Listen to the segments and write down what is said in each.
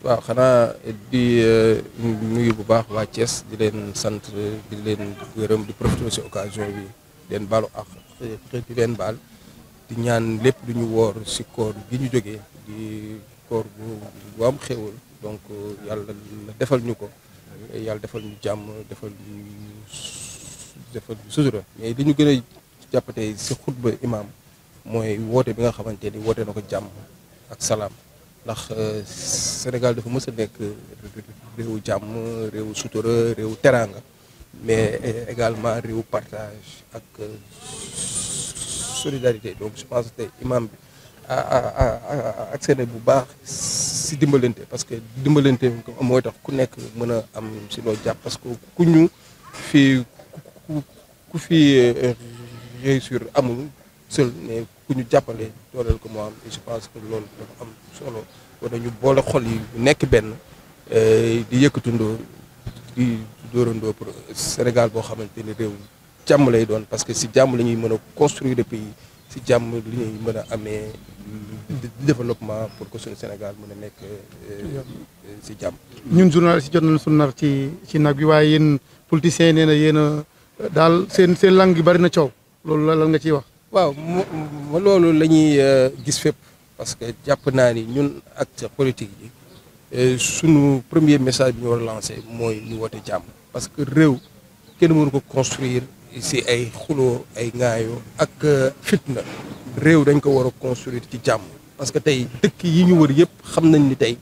waaw xanaa di euh, nuyu bu baax waa Thiès di leen sant di leen gërëm di profité si occasion bi leen baalu ak di leen baal di ñaan lépp lu ñu woor si koor gi ñu jóge di koor bu am xéewal donc euh, yàlla defal ñu ko yàlla defal ñu jàmm defal ñu defal ñu sutura mais li ñu gën a jàppatee si xutba imaam mooy woote bi nga xamante ni woote na ko jàmm ak salaam ndax euh, Sénégal dafa mës a nekk euh, réewu jàmm réewu sutura réewu teraanga mais euh, également réewu partage ak solidarité donc je pense que imam bi ak seen bu baax si dimbalante parce que dimbalante mooy tax ku nekk mën a am si loo jàpp parce que ku ñu fii ku fi réussir amul su mais ku ñu jàppale dooleel ko moo am et je pense que loolu dafa am solo wala ñu boole xol yi nekk benn euh, di yëkkatundoo di dóorandoo pour Sénégal boo xamante ni réew jàmm lay doon parce que si jàmm la ñuy mën a construire le pays si jàmm li ñuy mën a amee développement pour que suñu Sénégal mën a nekk euh, si jàmm. ñun journaliste jot nañu suñu nar ci ci nag bi waaye yéen politiciens nee na yéen a daal seen seen langue gi bari na coow loolu la lan nga ciy wax. waaw ma loolu la ñuy euh, gis fépp parce que jàpp naa ni ñun ak acteurs politiques yi euh, suñu premier message bi ñu war a lancé mooy ñu woote jàmm parce que réew kenn mënu ko construire si ay xuloo ay ŋaayoo ak euh, fitna réew dañ ko war a construire ci jàmm parce que tey dëkk yi ñu wër yëpp xam nañ ni tey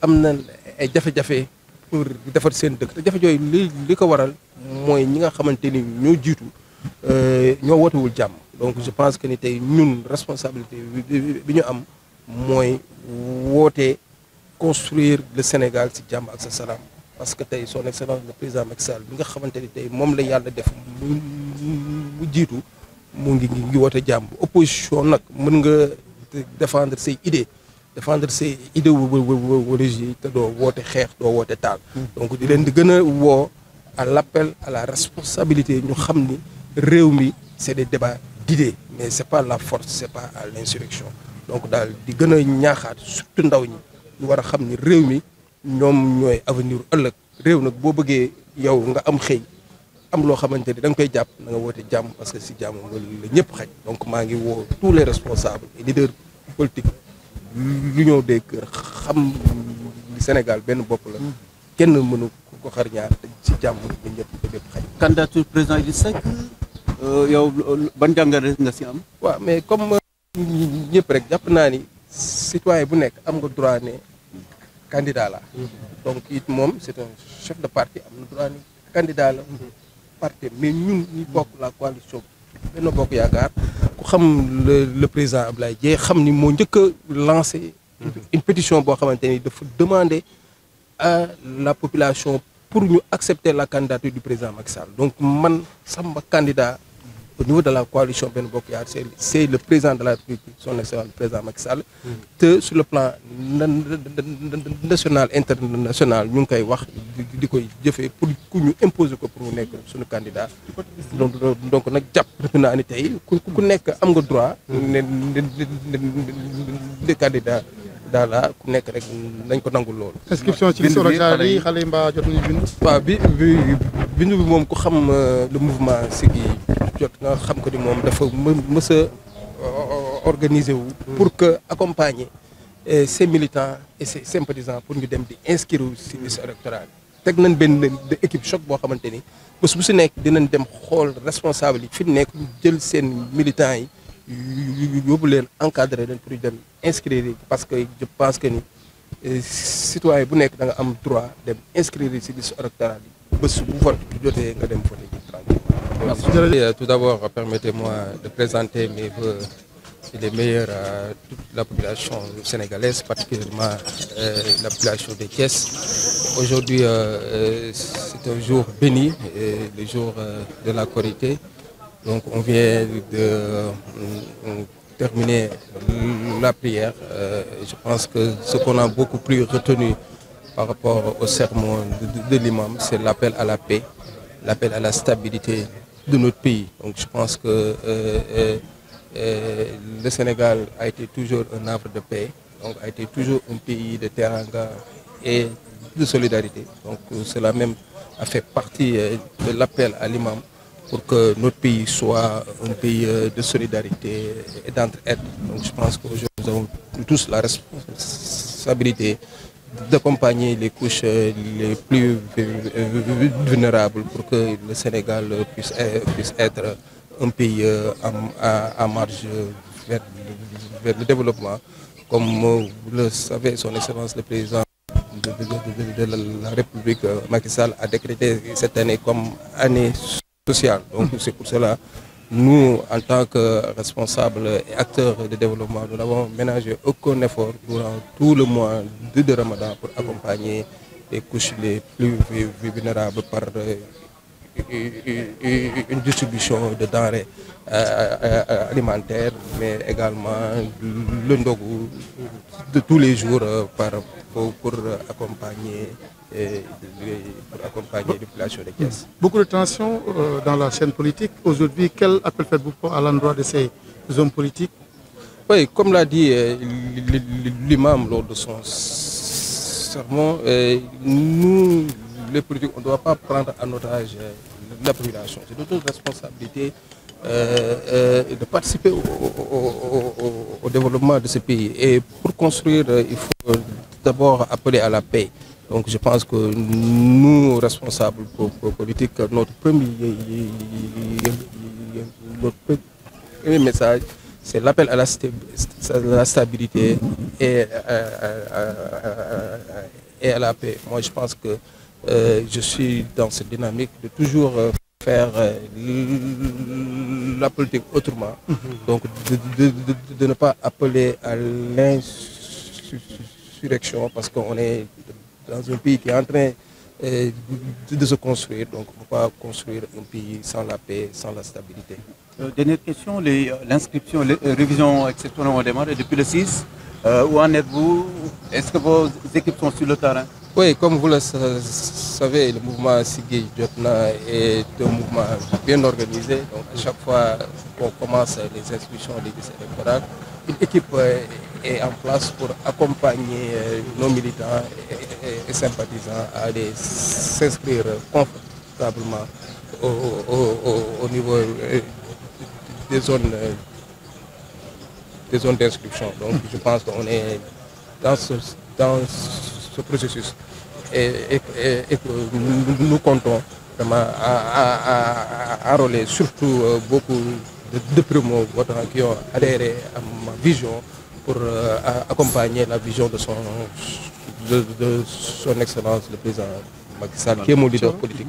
am na ay jafe-jafe pour defar seen dëkk te jafe yooyu li li ko waral mooy ñi nga xamante ni ñoo jiitu ñoo wootewul jàmm donc je pense que ni tey ñun responsabilité bi ñu am mooy woote construire le Sénégal ci jàmm ak sa salaam parce que tey son excellence le président Macky Sall bi nga xamante ni tey moom la yàlla def mu jiitu mu ngi ngi woote jàmm opposition nag mën nga défendre say idées défendre say wo idéologie te doo woote xeex doo woote taal donc di leen di gën a woo à l'appel à la responsabilité ñu xam ni réew mi c'est des débats guider mais c'est pas la force c'est pas à l'insurrection donc daal di gën a ñaaxaat surtout ndaw ñi ñu war a xam ni réew mi ñoom ñooy avenir ëllëg réew nag boo bëggee yow nga am xëy am loo xamante ni da koy jàpp da nga woote jàmm parce que si jàmm nga la ñëpp xaj donc maa ngi woo tous les responsables et leaders politiques l'union des kër xam Sénégal benn bopp la mm. kenn mënu ko xar ñaar ci jàmm la ñëpp ñëpp xaj Euh, yow ban jàngat nga si am. waaw mais comme euh, ñëpp rek jàpp naa ni citoyen bu nekk am nga droit ne candidat la. donc it moom c'est un chef de parti am na droit ne candidat la. parti mais ñun ñi bokk la coalition benn bokk yaakaar ku xam le le président Ablaye Dièye xam ni moo njëkk a lancé. une pétition boo xamante ni dafa demander à la population pour ñu accepter la candidature du président Macky Sall donc man sama candidat. au niveau de la coalition benn bokk yaar c'est c'est le président de la République son excellence le président Macky Sall te sur le plan national international ñu ngi koy wax di koy jëfee pour ku ñu imposer ko pour mu nekk suñu candidat donc donc nag jàpp naa ni tey ku ku nekk am nga droit ne de candidat daal la ku nekk rek nañ ko nangu loolu. inscription ci liste électorale yi xale yi mbaa jot nañu bind. waaw bi bi bi moom ku xam euh, le mouvement Siggi jot nga xam ko ni moom dafa mës a euh, organiser wu. Mm. pour que accompagner ses euh, militants et ses sympathisants pour ñu dem di inscrire wu si liste teg nañ benn équipe choc boo xamante ni bés bu si nekk dinañ dem xool responsable yi fi nekk jël seen militants yi. yóbbu leen encadré leen pour dem inscrire parce que je pense que ni euh, citoyen bu nekk da nga am droit dem inscrire ci liste électorale yi bés bu vote jotee nga dem voter ji Merci. Et euh, tout d'abord, permettez-moi de présenter mes voeux et les meilleurs à toute la population sénégalaise, particulièrement euh, la population des Thiès. Aujourd'hui, euh, c'est un jour béni, et le jour euh, de la Donc on vient de terminer prière. je pense que ce qu'on a beaucoup plus retenu par rapport au sermon de, de, c'est l'appel à la paix, l'appel à la stabilité de notre pays. je pense que euh, euh, euh, le Sénégal a été toujours un havre de paix, donc a été toujours un pays de teranga et de solidarité. Donc cela même a fait partie de l'appel à l'imam pour que notre pays soit un pays de solidarité et d'entraide. Donc je pense qu'aujourd'hui nous avons tous la responsabilité d'accompagner les couches euh, les plus vulnérables pour que le Sénégal puisse e-, puisse être un pays euh, à à marge vers, le développement comme euh, vous le savez son excellence le président de de la République Macky Sall a décrété cette année comme année sociale donc c'est pour cela Nous, en tant que responsables et acteurs de développement, nous n'avons ménagé aucun effort durant tout le mois de Ramadan pour accompagner les couches les plus vulnérables par euh, une distribution de denrées euh, euh, alimentaires, mais également le ndogu de tous les jours euh, par, pour, pour accompagner et pour accompagner les populations de Thiès. Beaucoup de tensions dans la scène politique. Aujourd'hui, quel appel faites-vous à l'endroit de ces hommes politiques Oui, comme l'a dit l'imam lors de son sermon, nous les politiques, on ne doit pas prendre en otage euh, la population. C'est notre responsabilité euh, euh de participer au, développement de ce pays. Et pour construire, euh, il faut d'abord appeler à la paix. Donc je pense que nous, responsables politiques, notre premier, notre premier message, c'est l'appel à la, stabilité et à, la paix. Moi, pense que Euh, je suis dans cette dynamique de toujours euh, faire euh, la politique autrement. Mhm. Donc de, ne pas appeler à l'insurrection parce qu'on est dans un pays qui est en train de se construire. Donc ne pas construire un pays sans la paix, sans la stabilité. dernière question, les, révisions exceptionnelles ont démarré depuis le 6. où en êtes-vous Est-ce que vos équipes sont sur le terrain Oui, comme vous le savez, le mouvement Sigui Jotna est un mouvement bien organisé. chaque fois qu'on commence les inscriptions des listes électorales, une euh, est en place pour accompagner euh, nos militants et sympathisants à aller s'inscrire confortablement au, niveau euh, des zones des zones d'inscription. Donc je pense qu'on est dans ce, dans ce ce processus. Et, et, et, et nous, nous, comptons vraiment à, à, à enrôler surtout euh, beaucoup de, de primo votants qui ont adhéré à ma vision pour euh, accompagner la vision de son, de, de son excellence, le président Macky Sall, qui est mon leader politique.